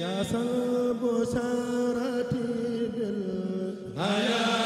يا صلب سارتي بالحياة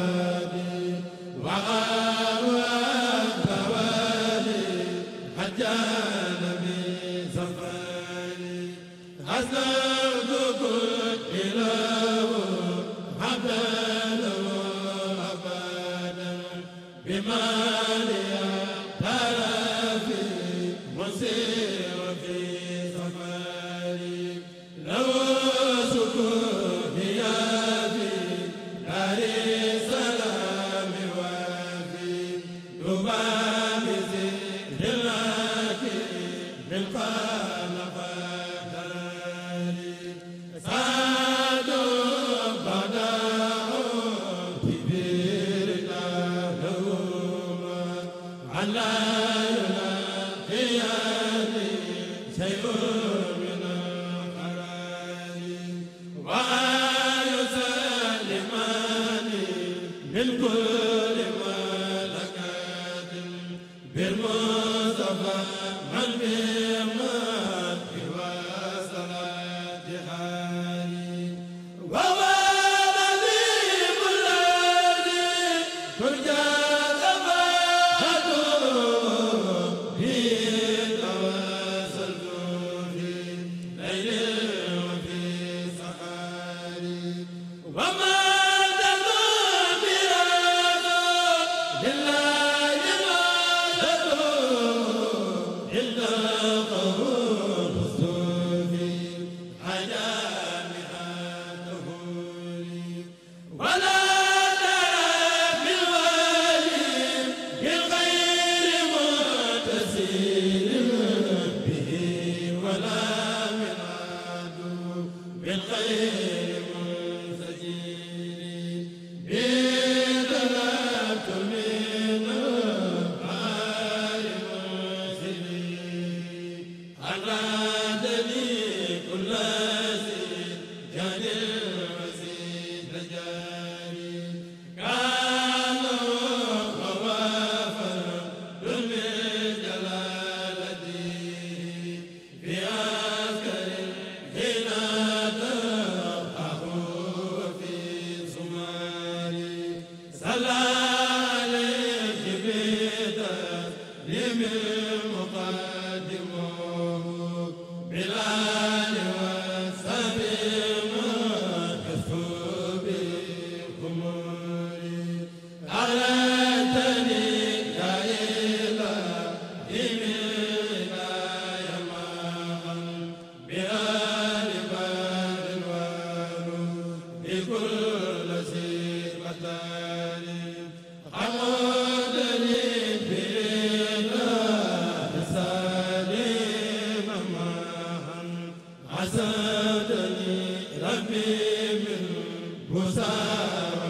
se Mama زادني ربي من بسار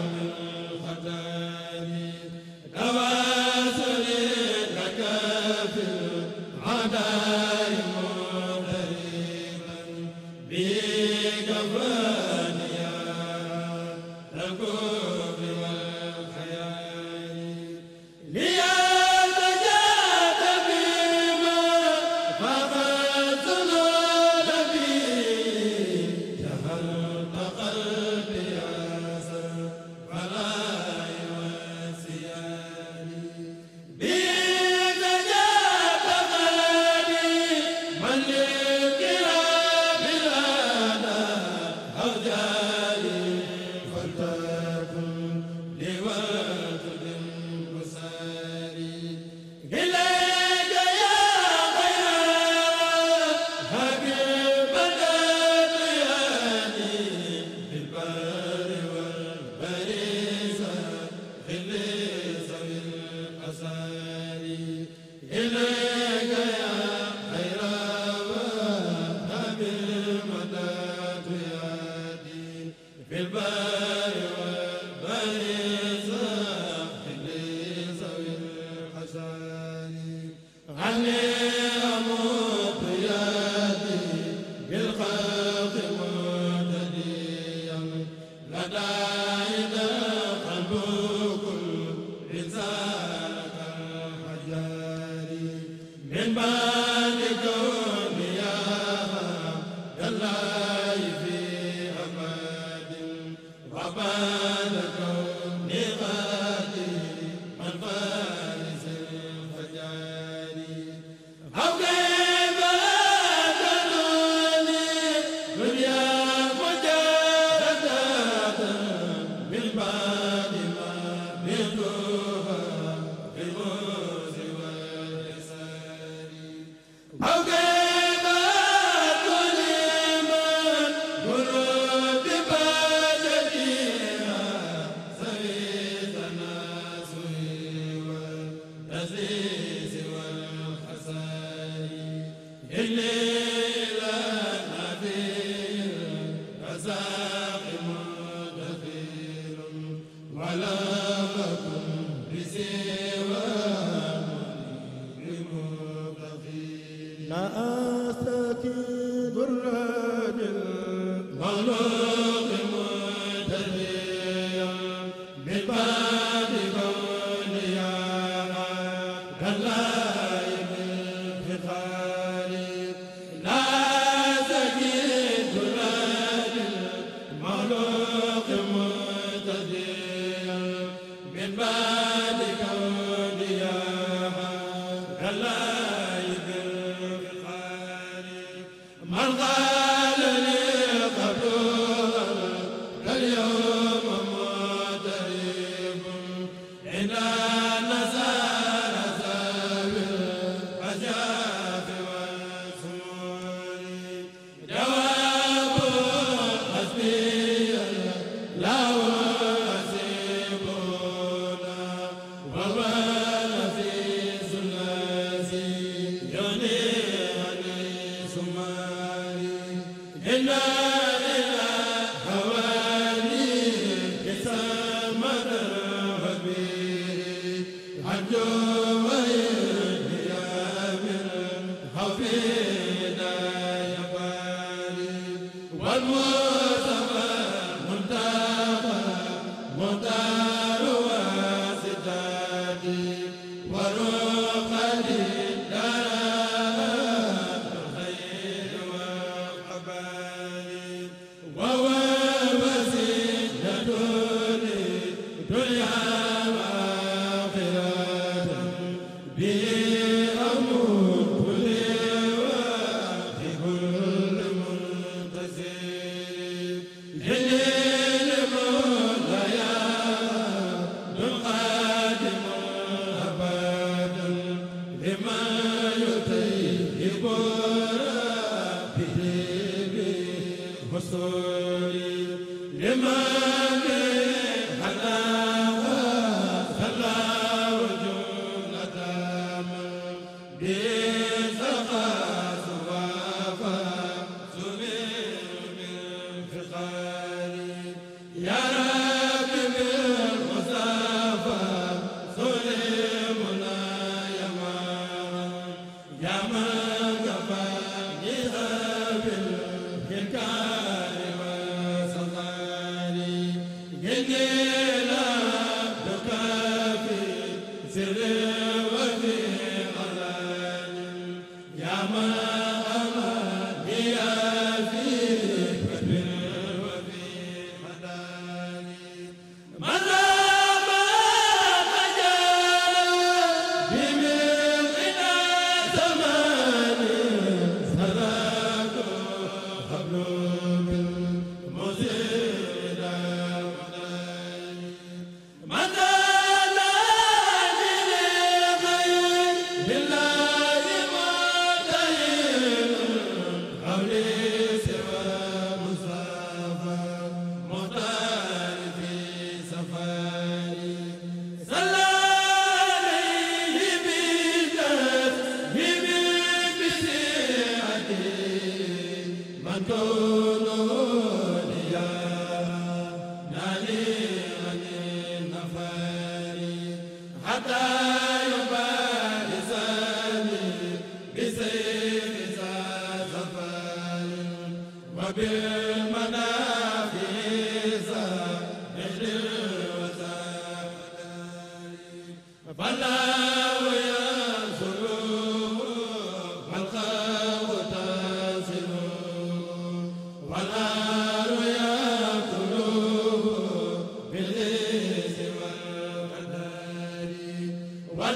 wa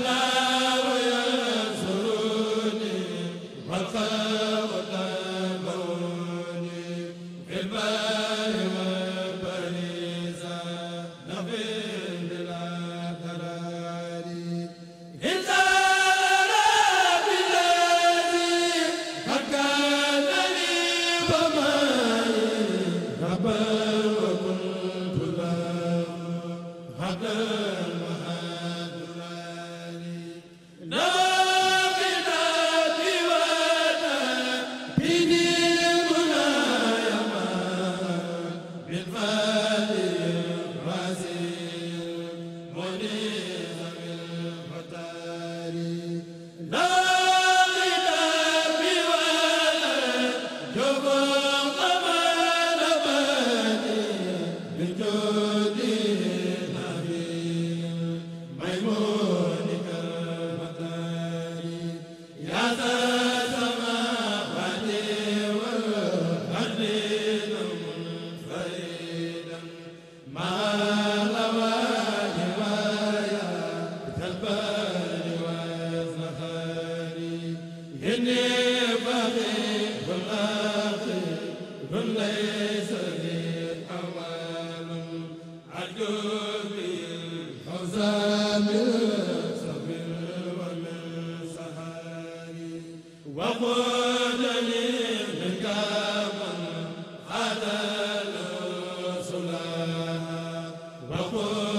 ala wa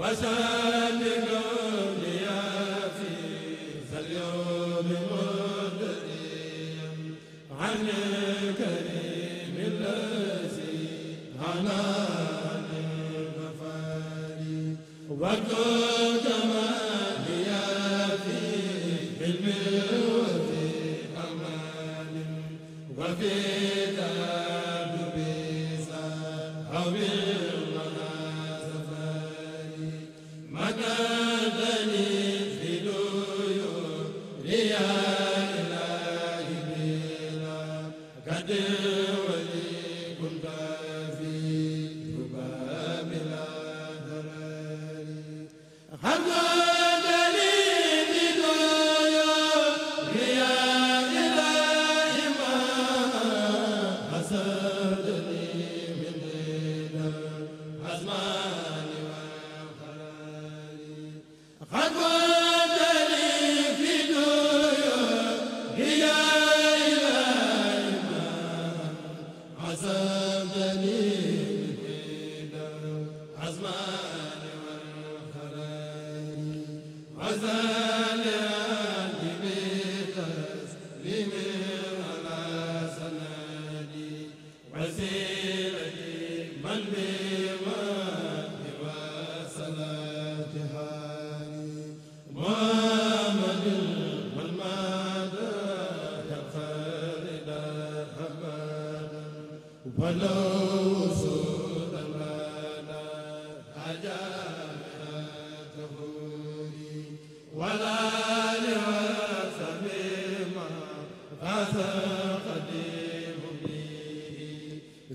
wa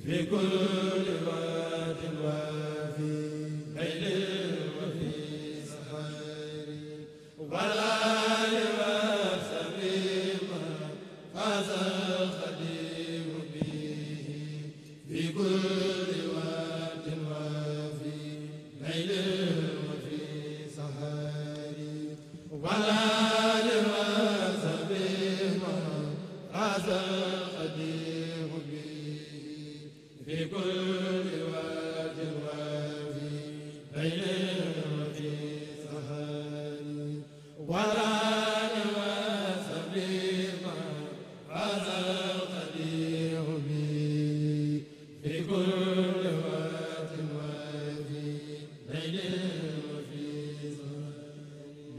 fi kul